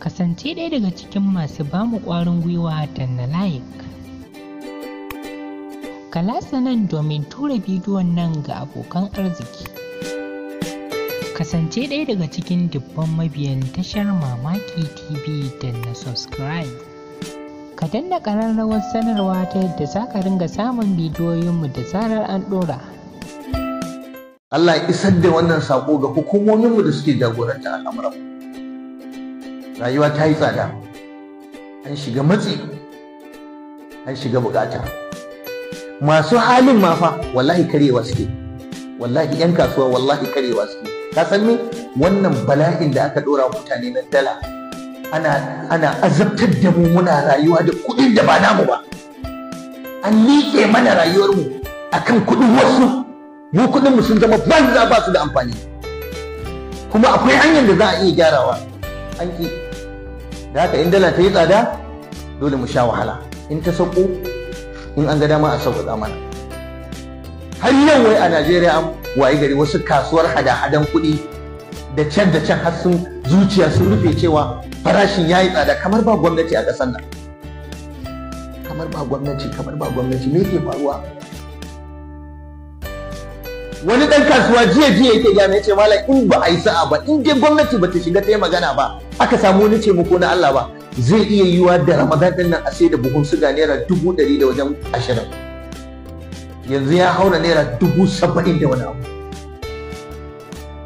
kasance ɗaya daga cikin masu ba mu ƙwarin gwiwa da na like. Kalasa nan domin tura bidiyon nan ga abokan arziki. Kasance ɗaya daga cikin dubban mabiyan tashar Mamaki TV da na subscribe. Ka danna ƙararrawar sanarwa ta yadda za ka ringa samun bidiyoyinmu da zarar an ɗora. Allah isar da wannan saƙo ga hukumominmu da suke jagoranta al'amuranmu. rayuwa ta yi tsada an shiga matsi an shiga bukata masu halin mafa wallahi karewa suke wallahi yan kasuwa wallahi karewa suke ka san me wannan bala'in da aka dora mutane na dala ana azabtar da mu muna rayuwa da kuɗin da ba namu ba an liƙe mana rayuwar rayuwarmu akan kudin wasu mu kudin mu sun zama banza ba su da amfani kuma akwai hanyar da za a iya gyarawa an ki da haka in dala ta yi tsada dole mu sha wahala in ta sauko in an ga dama a sauƙaƙa mana har yau wai a najeriya an wayi gari wasu kasuwar hada-hadan kuɗi da can da can har sun zuciya sun rufe cewa farashin ya yi tsada kamar ba gwamnati a ƙasar nan kamar ba gwamnati kamar ba gwamnati me ke faruwa wani dan kasuwa jiya jiya yake gane ya ce malam in ba a yi sa'a ba in dai gwamnati ba ta shiga ta yi magana ba aka samu wani ce muku na Allah ba zai iya yiwa da ramadan din nan a sai da buhun suga naira dubu ɗari da wajen ashirin yanzu ya haura naira dubu saba'in da wani abu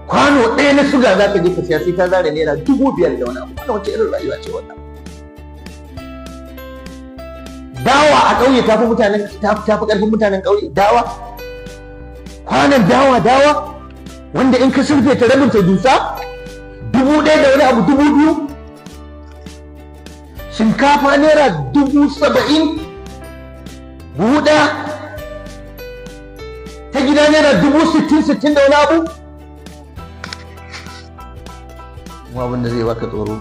kwano ɗaya na suga za ka je ka siya sai ka zare naira dubu biyar da wani abu wannan wace irin rayuwa ce wannan dawa a ƙauye ta mutanen ƙarfin mutanen ƙauye dawa kwanan dawa dawa wanda in ka surfe ta rabin ta dusa dubu ɗaya da wani abu dubu biyu shinkafa naira dubu saba'in buhu ɗaya ta gida naira dubu sittin sittin da wani abu kuma abin da zai baka tsoro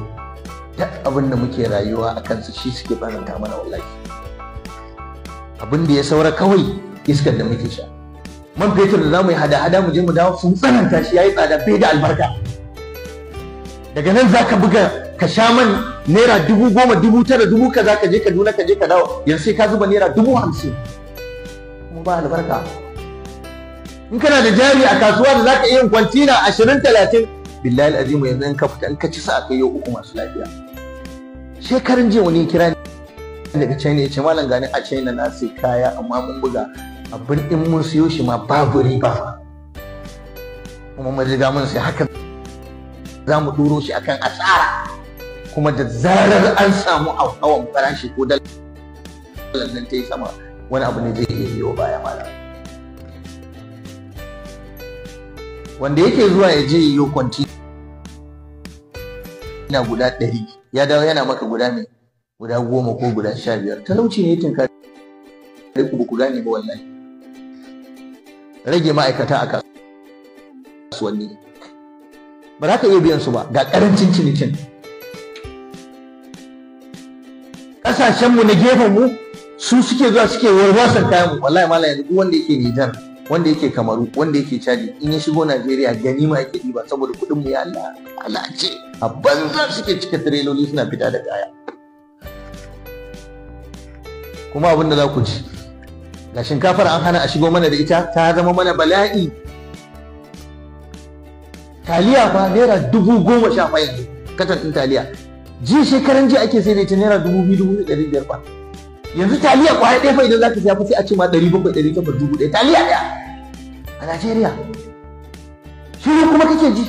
duk abin da muke rayuwa a kansu shi suke faranta mana wallahi abin da ya saura kawai iskar da muke sha man fetur da za mu yi hada-hada mu je mu dawo sun tsananta shi ya yi tsada fiye da albarka daga nan za ka buga ka sha man naira dubu goma dubu tara dubu ka za ka je duna ka je ka dawo yanzu sai ka zuba naira dubu hamsin kuma ba albarka in kana da jari a kasuwa da za ka iya kwantina ashirin talatin billahi azimu yanzu in ka fita in ka ci sa kai yau uku masu lafiya shekarun jiya wani kira ne daga china ya ce malam gani a china na sai kaya amma mun buga abin in mun siyo shi ma babu riba kuma mun riga mun sai haka za mu ɗuro shi akan asara kuma da zarar an samu hawan farashi ko dalar nan ta sama wani abu ne zai iya biyo baya mala wanda yake zuwa ya je yiwu kwanti yana guda ɗari ya dawo yana maka guda ne guda goma ko guda sha biyar talauci ne tun kare ku ba ku gane ba wallahi rage ma'aikata a kasuwanni ba za ka iya biyan su ba ga karancin cinikin ƙasashenmu na gefen mu su suke zuwa suke warwasan kayan mu wallahi mala yanzu wanda yake Nijar wanda yake Kamaru wanda yake Chadi in ya shigo Najeriya gani ma yake diba saboda kuɗin mu ya lalace a banza suke cike tireloli suna fita da kaya kuma abin da za ku ci ga shinkafar an hana a shigo mana da ita ta zama mana bala'i taliya ba naira dubu goma sha fa yanzu katan ɗin taliya ji shekaran ji ake sai da ita naira dubu biyu dubu ɗari biyar ba yanzu taliya kwaya ɗaya fa idan za ka siya fa sai a ce ma ɗari bakwai ɗari takwas dubu ɗaya taliya ɗaya a Najeriya shiru kuma kake ji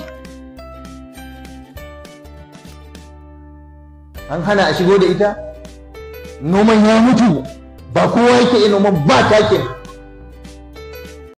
an hana a shigo da ita noman ya mutu ba kowa yake ilimin ba takin